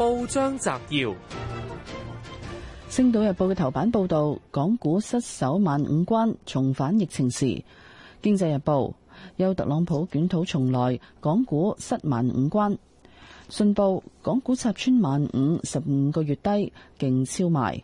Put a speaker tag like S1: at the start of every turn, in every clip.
S1: 報章摘要：《星島日報》嘅頭版報道，港股失守萬五關，重返疫情時，《經濟日報》有特朗普捲土重來，港股失萬五關，《信報》港股插穿萬五，十五個月低，勁超賣，《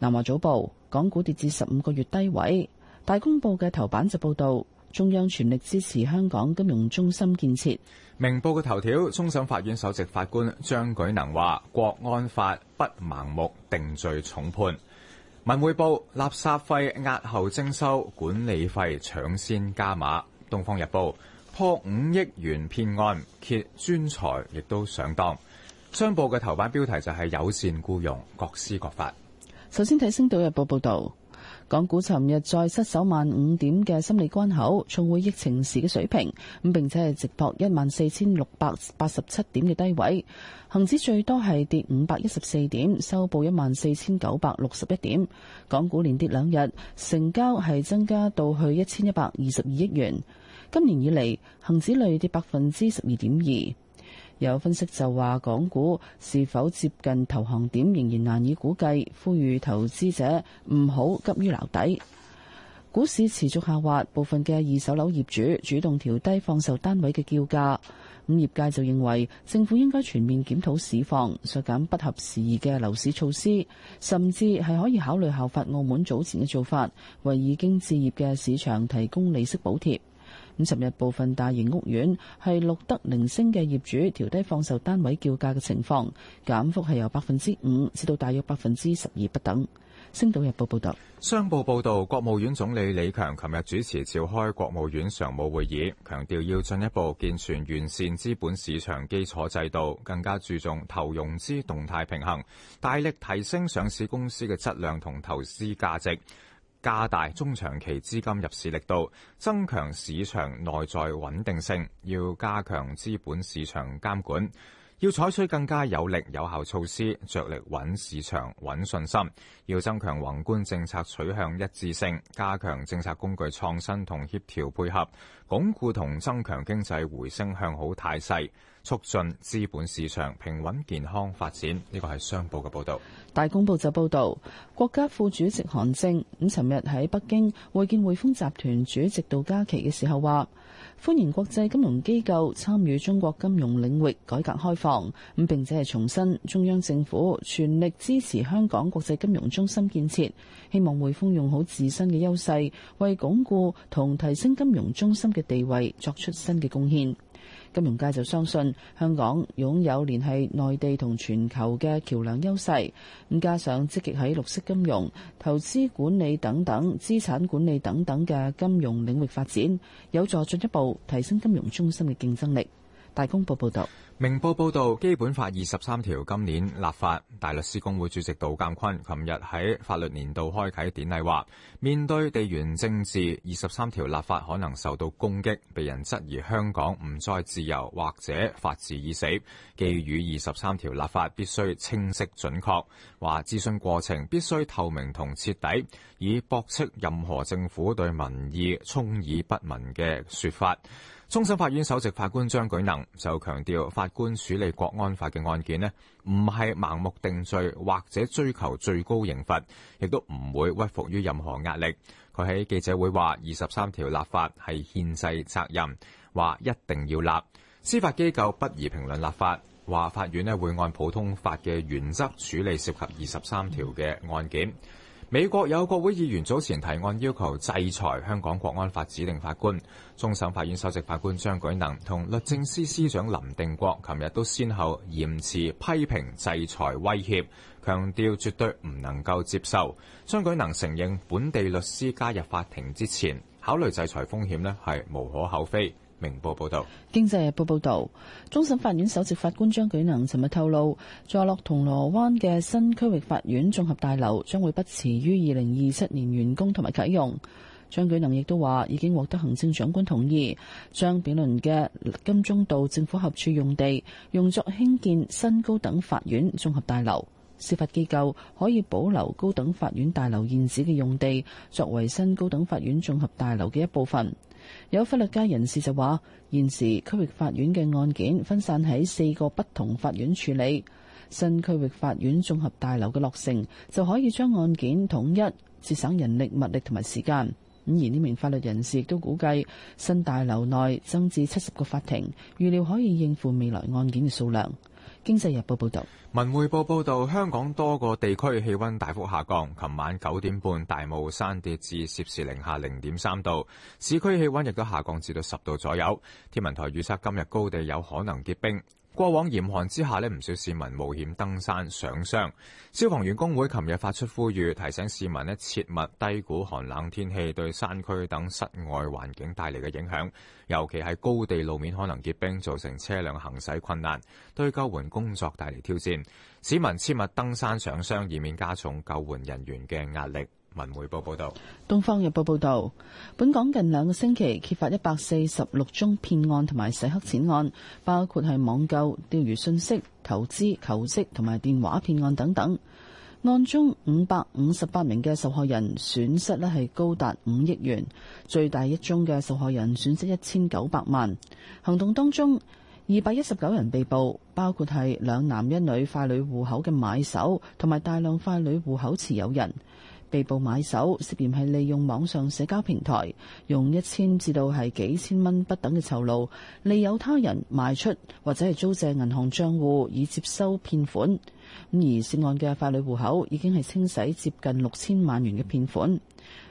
S1: 南華早報》港股跌至十五個月低位，《大公報》嘅頭版就報道。中央全力支持香港金融中心建設，
S2: 明報嘅頭條，終審法院首席法官張舉能話：國安法不盲目定罪重判。文匯報垃圾費押後徵收，管理費搶先加碼。東方日報破五億元騙案，揭專才亦都上當。商報嘅頭版標題就係友善僱傭，各施各法。
S1: 首先睇《星島日報》報道。港股尋日再失守萬五點嘅心理關口，重回疫情時嘅水平，咁並且係直撲一萬四千六百八十七點嘅低位。恒指最多係跌五百一十四點，收報一萬四千九百六十一點。港股連跌兩日，成交係增加到去一千一百二十二億元。今年以嚟，恒指累跌百分之十二點二。有分析就話，港股是否接近投行點仍然難以估計，呼籲投資者唔好急於撈底。股市持續下滑，部分嘅二手樓業主主動調低放售單位嘅叫價。咁業界就認為，政府應該全面檢討市況，削減不合時宜嘅樓市措施，甚至係可以考慮效法澳門早前嘅做法，為已經置業嘅市場提供利息補貼。五十日部分大型屋苑係錄得零星嘅業主調低放售單位叫價嘅情況，減幅係由百分之五至到大約百分之十二不等。星島日報報道，
S2: 商報報道，國務院總理李強琴日主持召開國務院常務會議，強調要進一步健全完善資本市場基礎制度，更加注重投融資動態平衡，大力提升上市公司嘅質量同投資價值。加大中長期資金入市力度，增強市場內在穩定性；要加強資本市場監管，要採取更加有力有效措施，着力穩市場、穩信心；要增強宏觀政策取向一致性，加強政策工具創新同協調配合，鞏固同增強經濟回升向好態勢。促進資本市場平穩健康發展，呢個係商報嘅報道，
S1: 大公報就報道國家副主席韓正咁，尋日喺北京會見匯豐集團主席杜嘉琪嘅時候話：歡迎國際金融機構參與中國金融領域改革開放咁，並且係重申中央政府全力支持香港國際金融中心建設，希望匯豐用好自身嘅優勢，為鞏固同提升金融中心嘅地位作出新嘅貢獻。金融界就相信香港擁有聯繫內地同全球嘅橋樑優勢，咁加上積極喺綠色金融、投資管理等等，資產管理等等嘅金融領域發展，有助進一步提升金融中心嘅競爭力。大公報報道。
S2: 明報報導，《基本法》二十三條今年立法，大律師公會主席杜淦坤琴日喺法律年度開啟典禮話：面對地緣政治，二十三條立法可能受到攻擊，被人質疑香港唔再自由或者法治已死。寄語二十三條立法必須清晰準確，話諮詢過程必須透明同徹底。以駁斥任何政府對民意充耳不聞嘅說法。終審法院首席法官張舉能就強調法官處理國安法嘅案件呢，唔係盲目定罪或者追求最高刑罰，亦都唔會屈服於任何壓力。佢喺記者會，話二十三條立法係憲制責任，話一定要立。司法機構不宜評論立法，話法院呢會按普通法嘅原則處理涉及二十三條嘅案件。美國有國會議員早前提案要求制裁香港國安法指定法官，終審法院首席法官張舉能同律政司司長林定國琴日都先後嚴詞批評制裁威脅，強調絕對唔能夠接受。張舉能承認本地律師加入法庭之前考慮制裁風險咧係無可厚非。明報報道，
S1: 經濟日報報道，終審法院首席法官張舉能尋日透露，坐落銅鑼灣嘅新區域法院綜合大樓將會不遲於二零二七年完工同埋啟用。張舉能亦都話已經獲得行政長官同意，將辯論嘅金鐘道政府合署用地用作興建新高等法院綜合大樓。司法機構可以保留高等法院大樓現址嘅用地，作為新高等法院綜合大樓嘅一部分。有法律界人士就話，現時區域法院嘅案件分散喺四個不同法院處理，新區域法院綜合大樓嘅落成就可以將案件統一，節省人力、物力同埋時間。咁而呢名法律人士亦都估計，新大樓內增至七十個法庭，預料可以應付未來案件嘅數量。經濟日報報道，
S2: 文匯報報道，香港多個地區氣溫大幅下降。琴晚九點半，大帽山跌至攝氏零下零點三度，市區氣溫亦都下降至到十度左右。天文台預測今日高地有可能結冰。過往嚴寒之下呢，唔少市民冒險登山賞霜。消防員工會琴日發出呼籲，提醒市民切勿低估寒冷天氣對山區等室外環境帶嚟嘅影響，尤其係高地路面可能結冰，造成車輛行駛困難，對救援工作帶嚟挑戰。市民切勿登山賞霜，以免加重救援人員嘅壓力。文匯報報
S1: 道，東方日報報道，本港近兩個星期揭發一百四十六宗騙案同埋洗黑錢案，包括係網購、釣魚訊息、投資、求職同埋電話騙案等等。案中五百五十八名嘅受害人損失咧係高達五億元，最大一宗嘅受害人損失一千九百萬。行動當中，二百一十九人被捕，包括係兩男一女快女戶口嘅買手同埋大量快女戶口持有人。被捕買手涉嫌係利用網上社交平台，用一千至到係幾千蚊不等嘅酬勞，利誘他人賣出或者係租借銀行帳戶以接收騙款。咁而涉案嘅法律戶口已經係清洗接近六千萬元嘅騙款。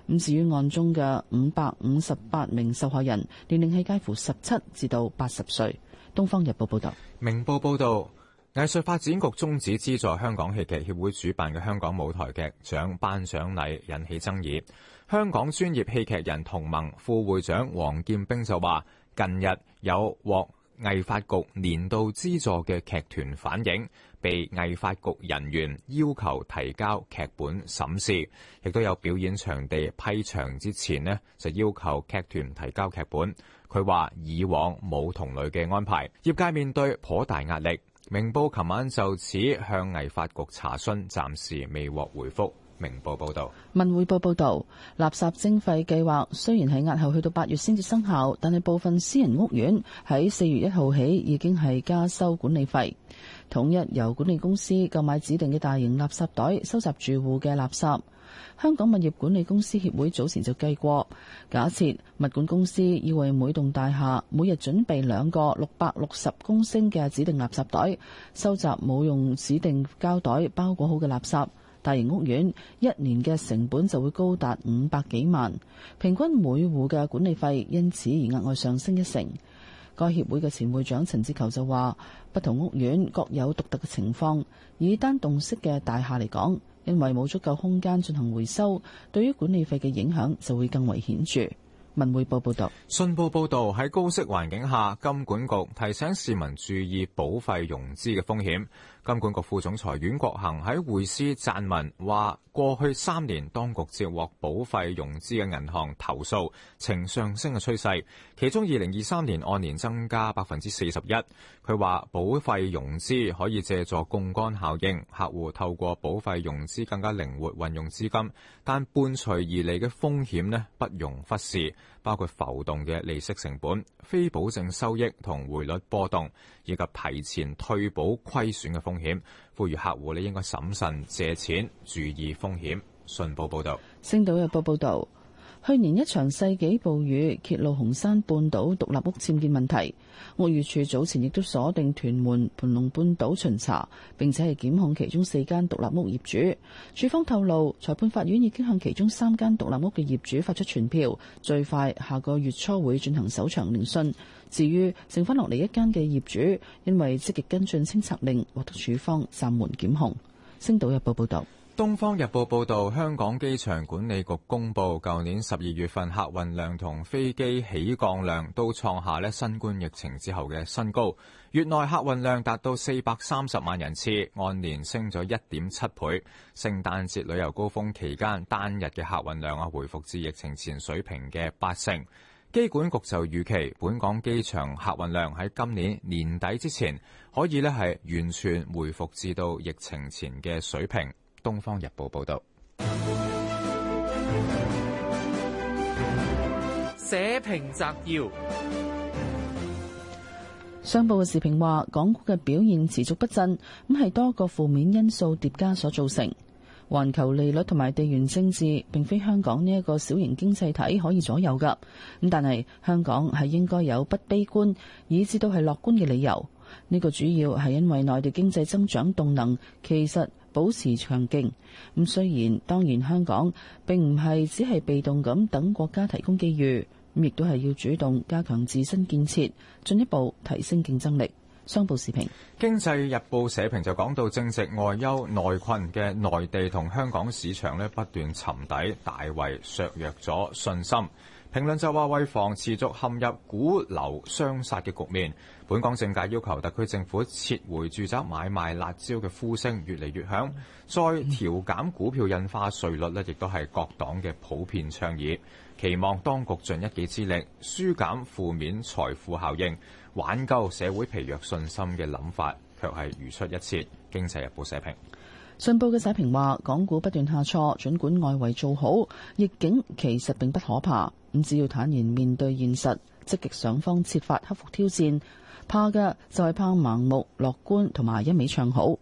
S1: 咁至於案中嘅五百五十八名受害人，年齡係介乎十七至到八十歲。《東方日報》報道，
S2: 《明報》報道。藝術發展局終止資助香港戲劇協會主辦嘅香港舞台劇獎頒獎禮，引起爭議。香港專業戲劇人同盟副會長黃劍兵就話，近日有獲藝發局年度資助嘅劇團反映，被藝發局人員要求提交劇本審視，亦都有表演場地批場之前呢，就要求劇團提交劇本。佢話以往冇同類嘅安排，業界面對頗大壓力。明報琴晚就此向藝發局查詢，暫時未獲回覆明報報道，
S1: 文匯報報道，垃圾徵費計劃雖然係押後去到八月先至生效，但係部分私人屋苑喺四月一號起已經係加收管理費，統一由管理公司購買指定嘅大型垃圾袋，收集住戶嘅垃圾。香港物業管理公司協會早前就計過，假設物管公司要為每棟大廈每日準備兩個六百六十公升嘅指定垃圾袋，收集冇用指定膠袋包裹好嘅垃圾，大型屋苑一年嘅成本就會高達五百幾萬，平均每戶嘅管理費因此而額外上升一成。該協會嘅前會長陳志球就話，不同屋苑各有獨特嘅情況，以單棟式嘅大廈嚟講。因為冇足夠空間進行回收，對於管理費嘅影響就會更為顯著。文匯報報道，
S2: 信報報道，喺高息環境下，金管局提醒市民注意保費融資嘅風險。金管局副總裁阮國恒喺匯思撰文，話過去三年當局接獲保費融資嘅銀行投訴呈上升嘅趨勢，其中二零二三年按年增加百分之四十一。佢話保費融資可以借助槓桿效應，客戶透過保費融資更加靈活運用資金，但伴隨而嚟嘅風險呢，不容忽視。包括浮動嘅利息成本、非保證收益同匯率波動，以及提前退保虧損嘅風險。呼籲客戶咧應該審慎借錢，注意風險。信報報道，
S1: 星島日報報道。去年一場世紀暴雨揭露紅山半島獨立屋僭建問題，屋宇署早前亦都鎖定屯門蟠龍半島巡查，並且係檢控其中四間獨立屋業主。署方透露，裁判法院已經向其中三間獨立屋嘅業主發出傳票，最快下個月初會進行首場聆訊。至於剩翻落嚟一間嘅業主，因為積極跟進清拆令，獲得署方暫緩檢控。星島日報報道。
S2: 《東方日報》報道，香港機場管理局公布，舊年十二月份客運量同飛機起降量都創下咧新冠疫情之後嘅新高。月內客運量達到四百三十萬人次，按年升咗一點七倍。聖誕節旅遊高峰期間單日嘅客運量啊，回復至疫情前水平嘅八成。機管局就預期，本港機場客運量喺今年年底之前可以咧係完全回復至到疫情前嘅水平。《東方日報》報道，社評摘要，
S1: 商報嘅時評話，港股嘅表現持續不振，咁係多個負面因素疊加所造成。環球利率同埋地緣政治，並非香港呢一個小型經濟體可以左右噶。咁但係香港係應該有不悲觀，以至都係樂觀嘅理由。呢、這個主要係因為內地經濟增長動能其實。保持強勁咁，雖然當然香港並唔係只係被動咁等國家提供機遇，咁亦都係要主動加強自身建設，進一步提升競爭力。商報時評，
S2: 經濟日報社評就講到正值外憂內困嘅內地同香港市場咧，不斷沉底，大為削弱咗信心。評論就話，為防持續陷入股樓相殺嘅局面，本港政界要求特區政府撤回住宅買賣辣椒嘅呼聲越嚟越響。再調減股票印花稅率呢，亦都係各黨嘅普遍倡議。期望當局盡一己之力，舒減負面財富效應，挽救社會疲弱信心嘅諗法，卻係如出一轍。經濟日報社評。
S1: 信報嘅社評話，港股不斷下挫，儘管外圍做好，逆境其實並不可怕。咁只要坦然面對現實，積極想方設法克服挑戰，怕嘅就係怕盲目樂觀同埋一味唱好。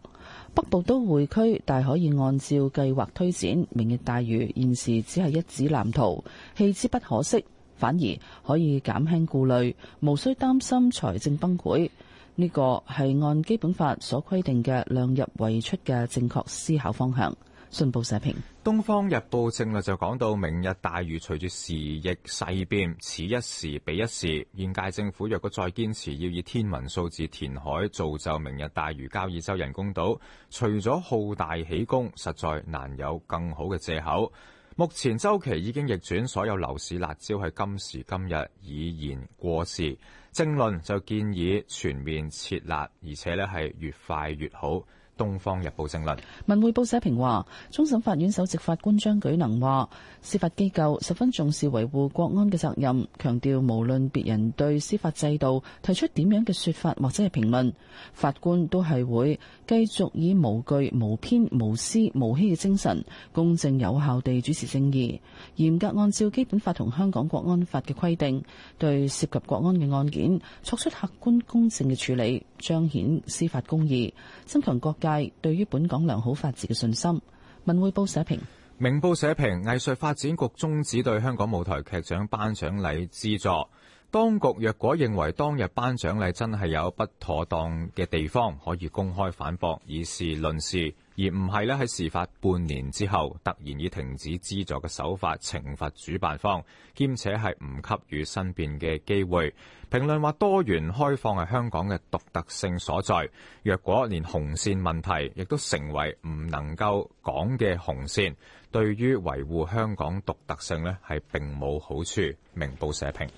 S1: 北部都會區大可以按照計劃推展，明日大嶼，現時只係一紙藍圖，棄之不可惜，反而可以減輕顧慮，無需擔心財政崩潰。呢、這個係按基本法所規定嘅量入為出嘅正確思考方向。信報社評，
S2: 《東方日報》正論就講到：明日大漁隨住時勢變，此一時比一時。現屆政府若果再堅持要以天文數字填海，造就明日大漁交易州人工島，除咗好大喜功，實在難有更好嘅藉口。目前周期已經逆轉，所有樓市辣招係今時今日已然過時，正論就建議全面撤辣，而且咧係越快越好。東方日報政論。
S1: 文匯報社評話，終審法院首席法官張舉能話，司法機構十分重視維護國安嘅責任，強調無論別人對司法制度提出點樣嘅說法或者係評論，法官都係會繼續以無懼、無偏、無私、無欺嘅精神，公正有效地主持正義，嚴格按照基本法同香港國安法嘅規定，對涉及國安嘅案件作出客觀公正嘅處理，彰顯司法公義，增強國家。對於本港良好法治嘅信心。文匯報社評。
S2: 明報社評，藝術發展局終止對香港舞台劇獎頒獎禮資助。當局若果認為當日頒獎禮真係有不妥當嘅地方，可以公開反駁以事論事，而唔係咧喺事發半年之後突然以停止資助嘅手法懲罰主辦方，兼且係唔給予申辯嘅機會。評論話多元開放係香港嘅獨特性所在，若果連紅線問題亦都成為唔能夠講嘅紅線，對於維護香港獨特性呢，係並冇好處。明報社評。